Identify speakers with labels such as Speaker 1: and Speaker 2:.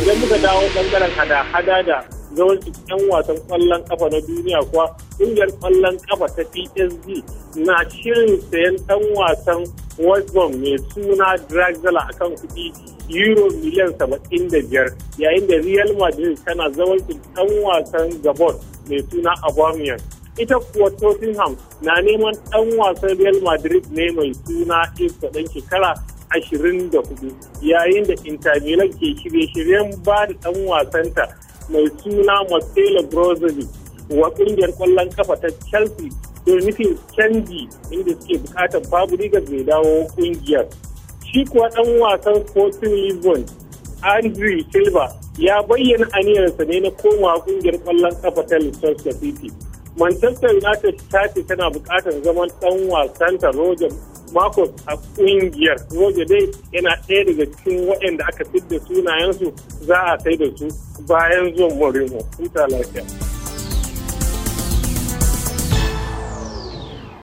Speaker 1: idan muka dawo bangaren hada-hada da yawanci yan wasan kwallon kafa na duniya kuwa kungiyar kwallon kafa ta psg na shirin sayan dan wasan west mai suna dragzala akan kuɗi euro miliyan 75 yayin da real madrid tana zawarci dan wasan gabon mai suna aubameyang ita kuwa tottenham na neman dan wasan real madrid ne mai suna isa dan shekara ashirin da hudu yayin da intermilan ke shirye-shiryen ba da ɗan wasanta mai suna Marcelo Brozovic wa ƙungiyar ƙwallon kafa ta Chelsea don nufin canji inda suke bukatar babu rigar mai dawo ƙungiyar. Shi kuwa ɗan wasan Sporting Lisbon Andrew Silva ya bayyana aniyarsa ne na komawa ƙungiyar ƙwallon kafa ta Leicester City. Manchester United ta tana bukatar zaman ɗan wasanta Roger mako a kungiyar roje dai yana ɗaya daga cikin waɗanda aka fidda sunayensu za a sai da su bayan zuwan wurin kuta lafiya.